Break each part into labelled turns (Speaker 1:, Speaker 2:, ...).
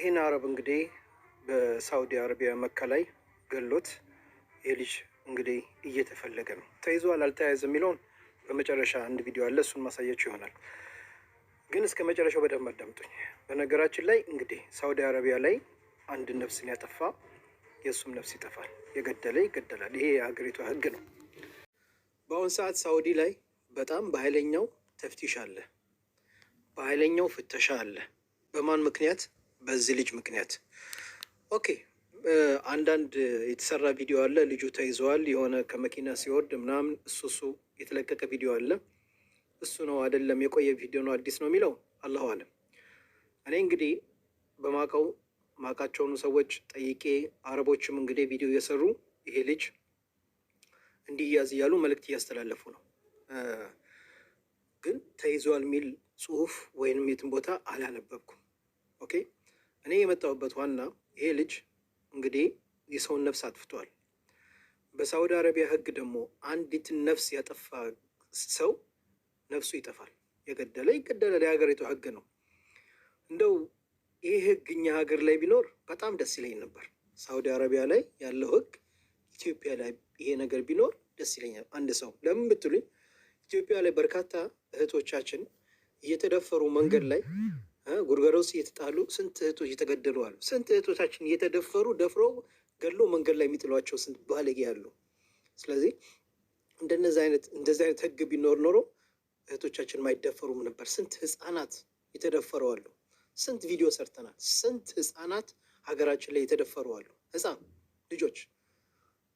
Speaker 1: ይህን አረብ እንግዲህ በሳውዲ አረቢያ መካ ላይ ገሎት የልጅ እንግዲህ እየተፈለገ ነው። ተይዟል አልተያያዘ የሚለውን በመጨረሻ አንድ ቪዲዮ አለ፣ እሱን ማሳያችሁ ይሆናል። ግን እስከ መጨረሻው በደንብ አዳምጡኝ። በነገራችን ላይ እንግዲህ ሳውዲ አረቢያ ላይ አንድ ነፍስን ያጠፋ የእሱም ነፍስ ይጠፋል፣ የገደለ ይገደላል። ይሄ የሀገሪቷ ህግ ነው። በአሁን ሰዓት ሳውዲ ላይ በጣም በኃይለኛው ተፍቲሽ አለ፣ በኃይለኛው ፍተሻ አለ። በማን ምክንያት በዚህ ልጅ ምክንያት ኦኬ አንዳንድ የተሰራ ቪዲዮ አለ። ልጁ ተይዘዋል። የሆነ ከመኪና ሲወርድ ምናምን እሱ እሱ የተለቀቀ ቪዲዮ አለ። እሱ ነው አይደለም? የቆየ ቪዲዮ ነው አዲስ ነው የሚለው አላሁ አለም። እኔ እንግዲህ በማቀው ማቃቸውን ሰዎች ጠይቄ፣ አረቦችም እንግዲህ ቪዲዮ እየሰሩ ይሄ ልጅ እንዲያዝ እያሉ መልእክት እያስተላለፉ ነው። ግን ተይዘዋል የሚል ጽሁፍ ወይንም የትን ቦታ አላነበብኩም። ኦኬ እኔ የመጣሁበት ዋና ይሄ ልጅ እንግዲህ የሰውን ነፍስ አጥፍቷል። በሳውዲ አረቢያ ህግ ደግሞ አንዲት ነፍስ ያጠፋ ሰው ነፍሱ ይጠፋል። የገደለ ይገደላል። የሀገሪቱ ህግ ነው። እንደው ይህ ህግ እኛ ሀገር ላይ ቢኖር በጣም ደስ ይለኝ ነበር። ሳውዲ አረቢያ ላይ ያለው ህግ ኢትዮጵያ ላይ ይሄ ነገር ቢኖር ደስ ይለኛል። አንድ ሰው ለምን ብትሉኝ ኢትዮጵያ ላይ በርካታ እህቶቻችን እየተደፈሩ መንገድ ላይ ጉርገራ ውስጥ እየተጣሉ ስንት እህቶች እየተገደሉ አሉ። ስንት እህቶቻችን እየተደፈሩ ደፍረው ገሎ መንገድ ላይ የሚጥሏቸው ስንት ባለጌ አሉ። ስለዚህ እንደነዚህ አይነት እንደዚህ አይነት ህግ ቢኖር ኖሮ እህቶቻችን ማይደፈሩም ነበር። ስንት ህፃናት የተደፈሩ አሉ። ስንት ቪዲዮ ሰርተናል። ስንት ህፃናት ሀገራችን ላይ የተደፈሩ አሉ። ህፃን ልጆች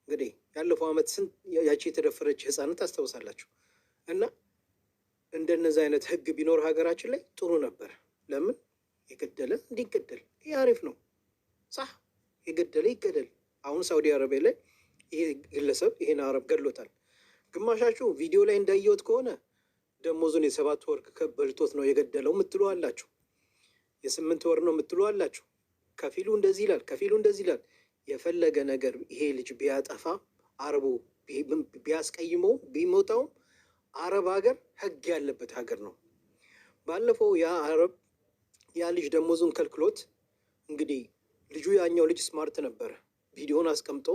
Speaker 1: እንግዲህ ያለፈው ዓመት ስንት ያቺ የተደፈረች ህፃናት ታስታውሳላችሁ። እና እንደነዚህ አይነት ህግ ቢኖር ሀገራችን ላይ ጥሩ ነበር። ለምን የገደለ እንዲገደል ይህ አሪፍ ነው። ሳህ የገደለ ይገደል። አሁን ሳውዲ አረቢያ ላይ ይሄ ግለሰብ ይሄን አረብ ገድሎታል። ግማሻችሁ ቪዲዮ ላይ እንዳየሁት ከሆነ ደሞዙን የሰባት ወር ከበልቶት ነው የገደለው ምትሉ አላችሁ። የስምንት ወር ነው ምትሉ አላችሁ። ከፊሉ እንደዚህ ይላል፣ ከፊሉ እንደዚህ ይላል። የፈለገ ነገር ይሄ ልጅ ቢያጠፋ አረቡ ቢያስቀይመ ቢሞታውም አረብ ሀገር ህግ ያለበት ሀገር ነው። ባለፈው ያ አረብ ያ ልጅ ደሞዙን ከልክሎት እንግዲህ ልጁ ያኛው ልጅ ስማርት ነበረ። ቪዲዮን አስቀምጦ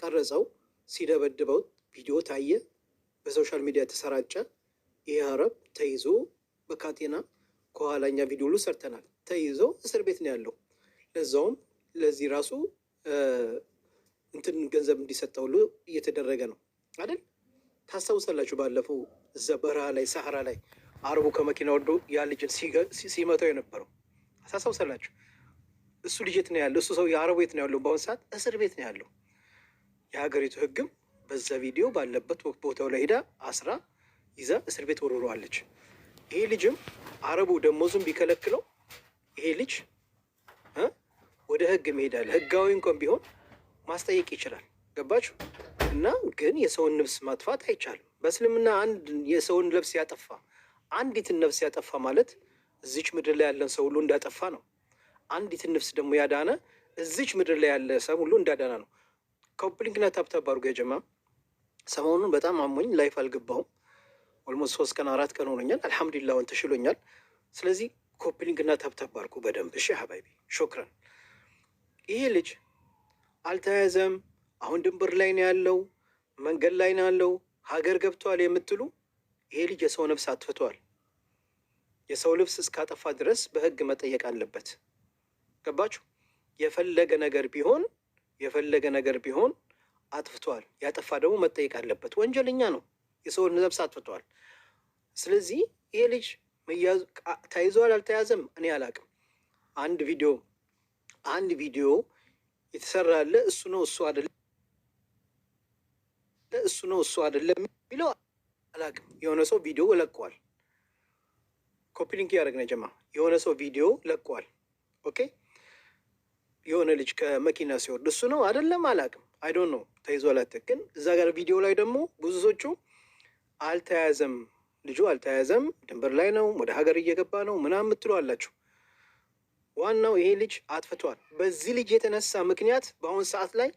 Speaker 1: ቀረጸው። ሲደበድበው ቪዲዮ ታየ፣ በሶሻል ሚዲያ ተሰራጨ። ይህ አረብ ተይዞ በካቴና ከኋላኛ ቪዲዮ ሁሉ ሰርተናል። ተይዞ እስር ቤት ነው ያለው። ለዛውም ለዚህ ራሱ እንትን ገንዘብ እንዲሰጠ ሁሉ እየተደረገ ነው አይደል? ታስታውሳላችሁ ባለፈው እዛ በረሃ ላይ ሰሐራ ላይ አረቡ ከመኪና ወርዶ ያ ልጅን ሲመታው የነበረው አሳሳውሰላችሁ። እሱ ልጅት ነው ያለው፣ እሱ ሰው የአረቡ የት ነው ያለው? በአሁን ሰዓት እስር ቤት ነው ያለው። የሀገሪቱ ህግም በዛ ቪዲዮ ባለበት ቦታው ላይ ሄዳ አስራ ይዛ እስር ቤት ወርውረዋለች። ይሄ ልጅም አረቡ ደሞዙን ቢከለክለው ይሄ ልጅ ወደ ህግ መሄዳል። ህጋዊ እንኳን ቢሆን ማስጠየቅ ይችላል። ገባችሁ? እና ግን የሰውን ነፍስ ማጥፋት አይቻልም። በእስልምና አንድ የሰውን ነፍስ ያጠፋ አንዲትን ነፍስ ያጠፋ ማለት እዚች ምድር ላይ ያለን ሰው ሁሉ እንዳጠፋ ነው። አንዲትን ነፍስ ደግሞ ያዳነ እዚች ምድር ላይ ያለ ሰው ሁሉ እንዳዳና ነው። ኮፕሊንግና ታብታብ አድርጎ ሰሞኑን በጣም አሞኝ ላይፍ አልገባሁም። ኦልሞስት ሶስት ቀን አራት ቀን ሆኖኛል። አልሐምዱሊላህ ወን ተሽሎኛል። ስለዚህ ኮፕሊንግና ታብታብ አድርጎ በደንብ እሺ። ሀባይቢ ሾክረን። ይሄ ልጅ አልተያዘም። አሁን ድንበር ላይ ነው ያለው፣ መንገድ ላይ ነው ያለው፣ ሀገር ገብቷል የምትሉ ይሄ ልጅ የሰው ነፍስ አጥፍቷል። የሰው ልብስ እስካጠፋ ድረስ በህግ መጠየቅ አለበት። ገባችሁ? የፈለገ ነገር ቢሆን የፈለገ ነገር ቢሆን አጥፍቷል። ያጠፋ ደግሞ መጠየቅ አለበት። ወንጀለኛ ነው። የሰው ነፍስ አጥፍቷል። ስለዚህ ይሄ ልጅ ተይዟል አልተያዘም እኔ አላቅም። አንድ ቪዲዮ አንድ ቪዲዮ የተሰራለ እሱ ነው እሱ አይደለም እሱ ነው እሱ አይደለም ቢለው አላውቅም። የሆነ ሰው ቪዲዮ ለቋል። ኮፒሊንክ ያደረግ ነው ጀማ። የሆነ ሰው ቪዲዮ ለቋል። ኦኬ የሆነ ልጅ ከመኪና ሲወርድ እሱ ነው አይደለም፣ አላውቅም። አይዶን ነው ተይዞ አላት። ግን እዛ ጋር ቪዲዮ ላይ ደግሞ ብዙ ሰዎቹ አልተያዘም፣ ልጁ አልተያዘም፣ ድንበር ላይ ነው፣ ወደ ሀገር እየገባ ነው ምናምን የምትሉ አላችሁ። ዋናው ይሄ ልጅ አጥፍቷል። በዚህ ልጅ የተነሳ ምክንያት በአሁኑ ሰዓት ላይ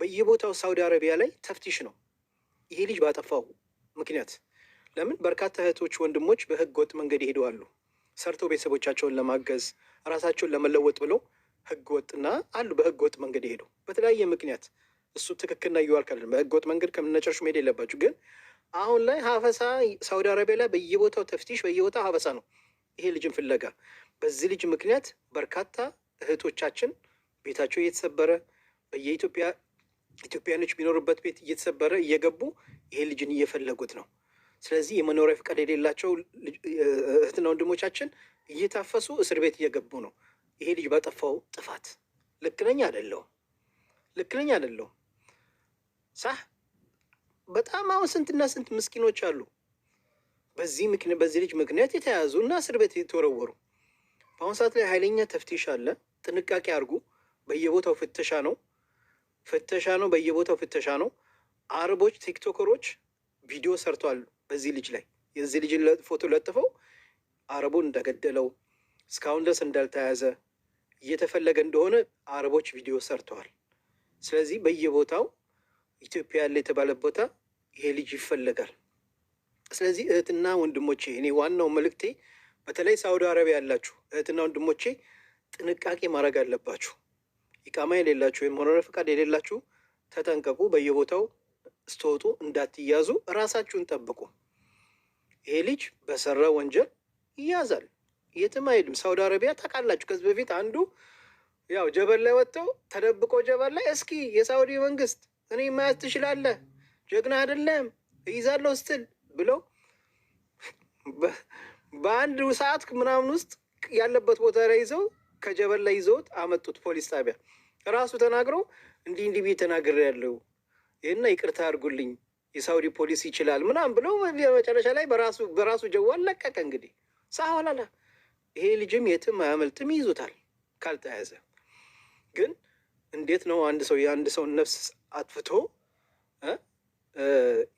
Speaker 1: በየቦታው ሳውዲ አረቢያ ላይ ተፍቲሽ ነው። ይሄ ልጅ ባጠፋው ምክንያት ለምን በርካታ እህቶች ወንድሞች በህገ ወጥ መንገድ ይሄደዋሉ። ሰርተው ቤተሰቦቻቸውን ለማገዝ ራሳቸውን ለመለወጥ ብለው ህገ ወጥና አሉ በህገ ወጥ መንገድ ይሄዱ በተለያየ ምክንያት እሱ ትክክልና ይዋል ካለን በህገ ወጥ መንገድ ከምነጨርሹ መሄድ የለባችሁ። ግን አሁን ላይ ሀፈሳ ሳውዲ አረቢያ ላይ በየቦታው ተፍቲሽ በየቦታው ሀፈሳ ነው። ይሄ ልጅን ፍለጋ በዚህ ልጅ ምክንያት በርካታ እህቶቻችን ቤታቸው እየተሰበረ በየኢትዮጵያ ኢትዮጵያኖች ቢኖሩበት ቤት እየተሰበረ እየገቡ ይሄ ልጅን እየፈለጉት ነው። ስለዚህ የመኖሪያ ፍቃድ የሌላቸው እህትና ወንድሞቻችን እየታፈሱ እስር ቤት እየገቡ ነው። ይሄ ልጅ ባጠፋው ጥፋት ልክ አደለው አይደለሁም? አደለው ሳህ በጣም አሁን ስንትና ስንት ምስኪኖች አሉ በዚህ በዚህ ልጅ ምክንያት የተያዙ እና እስር ቤት የተወረወሩ። በአሁኑ ሰዓት ላይ ኃይለኛ ተፍቲሽ አለ። ጥንቃቄ አድርጉ። በየቦታው ፍተሻ ነው። ፍተሻ ነው፣ በየቦታው ፍተሻ ነው። አረቦች ቲክቶከሮች ቪዲዮ ሰርተዋል በዚህ ልጅ ላይ የዚህ ልጅ ፎቶ ለጥፈው አረቡን እንደገደለው እስካሁን ድረስ እንዳልተያዘ እየተፈለገ እንደሆነ አረቦች ቪዲዮ ሰርተዋል። ስለዚህ በየቦታው ኢትዮጵያ ያለ የተባለ ቦታ ይሄ ልጅ ይፈለጋል። ስለዚህ እህትና ወንድሞቼ እኔ ዋናው መልእክቴ በተለይ ሳውዲ አረቢያ ያላችሁ እህትና ወንድሞቼ ጥንቃቄ ማድረግ አለባችሁ። ኢቃማ የሌላችሁ ወይም መኖሪያ ፈቃድ የሌላችሁ ተጠንቀቁ። በየቦታው ስትወጡ እንዳትያዙ ራሳችሁን ጠብቁ። ይሄ ልጅ በሰራ ወንጀል ይያዛል፣ የትም አይሄድም። ሳውዲ አረቢያ ታውቃላችሁ፣ ከዚህ በፊት አንዱ ያው ጀበል ላይ ወጥተው ተደብቆ ጀበል ላይ እስኪ የሳውዲ መንግስት እኔ መያዝ ትችላለህ፣ ጀግና አይደለም እይዛለሁ ስትል ብለው በአንድ ሰዓት ምናምን ውስጥ ያለበት ቦታ ላይ ይዘው ከጀበል ላይ ይዘውት አመጡት ፖሊስ ጣቢያ። ራሱ ተናግሮ እንዲህ እንዲህ ቤት ተናግሬ ያለው ይህና ይቅርታ አድርጉልኝ የሳውዲ ፖሊስ ይችላል ምናም ብሎ መጨረሻ ላይ በራሱ በራሱ ጀዋል ለቀቀ። እንግዲህ ሳሆላላ ይሄ ልጅም የትም አያመልጥም፣ ይይዙታል ካልተያዘ። ግን እንዴት ነው አንድ ሰው የአንድ ሰውን ነፍስ አጥፍቶ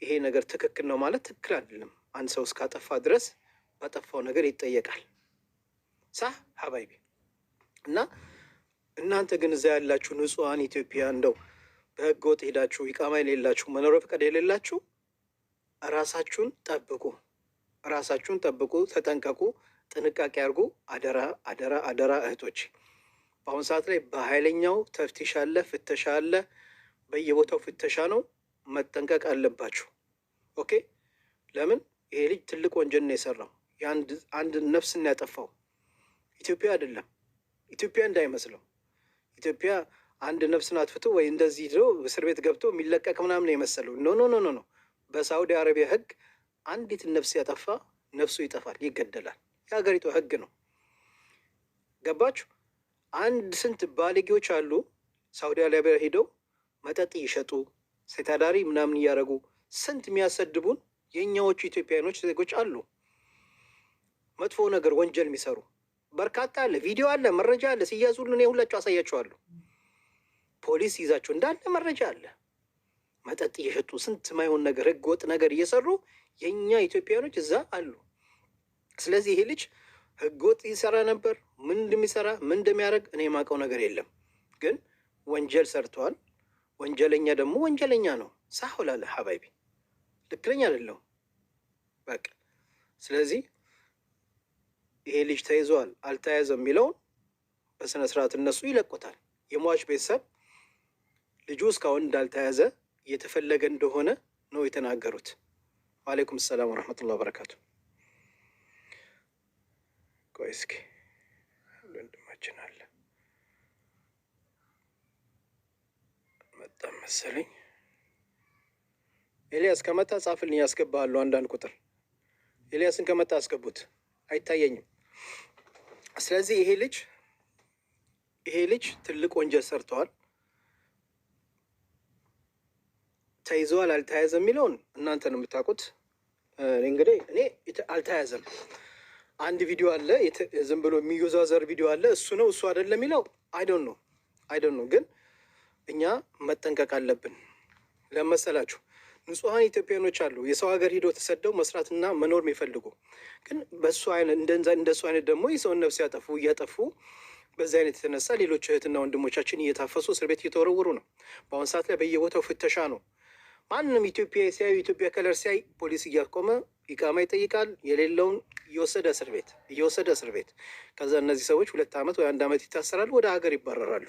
Speaker 1: ይሄ ነገር ትክክል ነው ማለት ትክክል አይደለም። አንድ ሰው እስካጠፋ ድረስ ባጠፋው ነገር ይጠየቃል። ሳ ሀባይቢ እና እናንተ ግን እዛ ያላችሁ ንጹሐን ኢትዮጵያ እንደው በህገ ወጥ ሄዳችሁ ይቃማ የሌላችሁ መኖሪያ ፈቃድ የሌላችሁ ራሳችሁን ጠብቁ፣ ራሳችሁን ጠብቁ፣ ተጠንቀቁ፣ ጥንቃቄ አድርጉ። አደራ አደራ አደራ እህቶች፣ በአሁኑ ሰዓት ላይ በኃይለኛው ተፍቲሽ አለ፣ ፍተሻ አለ፣ በየቦታው ፍተሻ ነው። መጠንቀቅ አለባችሁ። ኦኬ። ለምን ይሄ ልጅ ትልቅ ወንጀል ነው የሰራው፣ አንድ ነፍስ ያጠፋው ኢትዮጵያ አይደለም ኢትዮጵያ እንዳይመስለው ኢትዮጵያ አንድ ነፍስን አትፍቶ ወይ እንደዚህ ድሮ እስር ቤት ገብቶ የሚለቀቅ ምናምን የመሰለው ኖ ኖ ኖ ኖ። በሳዑዲ አረቢያ ህግ አንዲትን ነፍስ ያጠፋ ነፍሱ ይጠፋል፣ ይገደላል። የሀገሪቱ ህግ ነው። ገባችሁ? አንድ ስንት ባለጌዎች አሉ ሳዑዲ አረቢያ ሄደው መጠጥ ይሸጡ ሴት አዳሪ ምናምን እያደረጉ ስንት የሚያሰድቡን የእኛዎቹ ኢትዮጵያኖች ዜጎች አሉ፣ መጥፎ ነገር ወንጀል የሚሰሩ በርካታ አለ፣ ቪዲዮ አለ፣ መረጃ አለ። ሲያዙ ሁሉ እኔ ሁላችሁ አሳያችኋለሁ። ፖሊስ ይዛችሁ እንዳለ መረጃ አለ። መጠጥ እየሸጡ ስንት ማይሆን ነገር ህገወጥ ነገር እየሰሩ የእኛ ኢትዮጵያኖች እዛ አሉ። ስለዚህ ይሄ ልጅ ህገወጥ ይሰራ ነበር። ምን እንደሚሰራ ምን እንደሚያደርግ እኔ የማውቀው ነገር የለም። ግን ወንጀል ሰርቷል። ወንጀለኛ ደግሞ ወንጀለኛ ነው። ሳሁላለ ሀባይቢ ልክለኛ አይደለሁም በቃ ስለዚህ ይሄ ልጅ ተይዟል አልተያዘም የሚለውን በስነ ስርዓት እነሱ ይለቁታል። የሟች ቤተሰብ ልጁ እስካሁን እንዳልተያዘ እየተፈለገ እንደሆነ ነው የተናገሩት። ዋሌይኩም ሰላም ወረሕመቱላሂ በረካቱ። ቆይ እስኪ ወንድማችን አለ መጣም መሰለኝ። ኤልያስ ከመጣ ጻፍልኝ፣ ያስገባሃለሁ አንዳንድ ቁጥር ኤልያስን ከመጣ አስገቡት። አይታየኝም። ስለዚህ ይሄ ልጅ ይሄ ልጅ ትልቅ ወንጀል ሰርተዋል። ተይዘዋል አልተያዘም የሚለውን እናንተ ነው የምታውቁት። እንግዲህ እኔ አልተያዘም። አንድ ቪዲዮ አለ፣ ዝም ብሎ የሚወዛዘር ቪዲዮ አለ። እሱ ነው እሱ አይደለም የሚለው አይደን ነው አይደን ነው። ግን እኛ መጠንቀቅ አለብን ለመሰላችሁ ንጹሐን ኢትዮጵያኖች አሉ። የሰው ሀገር ሂደው ተሰደው መስራትና መኖር የሚፈልጉ ግን በሱ እንደሱ አይነት ደግሞ የሰውን ነፍስ ያጠፉ እያጠፉ በዚህ አይነት የተነሳ ሌሎች እህትና ወንድሞቻችን እየታፈሱ እስር ቤት እየተወረወሩ ነው። በአሁን ሰዓት ላይ በየቦታው ፍተሻ ነው። ማንም ኢትዮጵያ ሲያዩ ኢትዮጵያ ከለር ሲያይ ፖሊስ እያቆመ ይቃማ ይጠይቃል። የሌለውን እየወሰደ እስር ቤት እየወሰደ እስር ቤት ከዛ እነዚህ ሰዎች ሁለት ዓመት ወይ አንድ ዓመት ይታሰራሉ፣ ወደ ሀገር ይባረራሉ።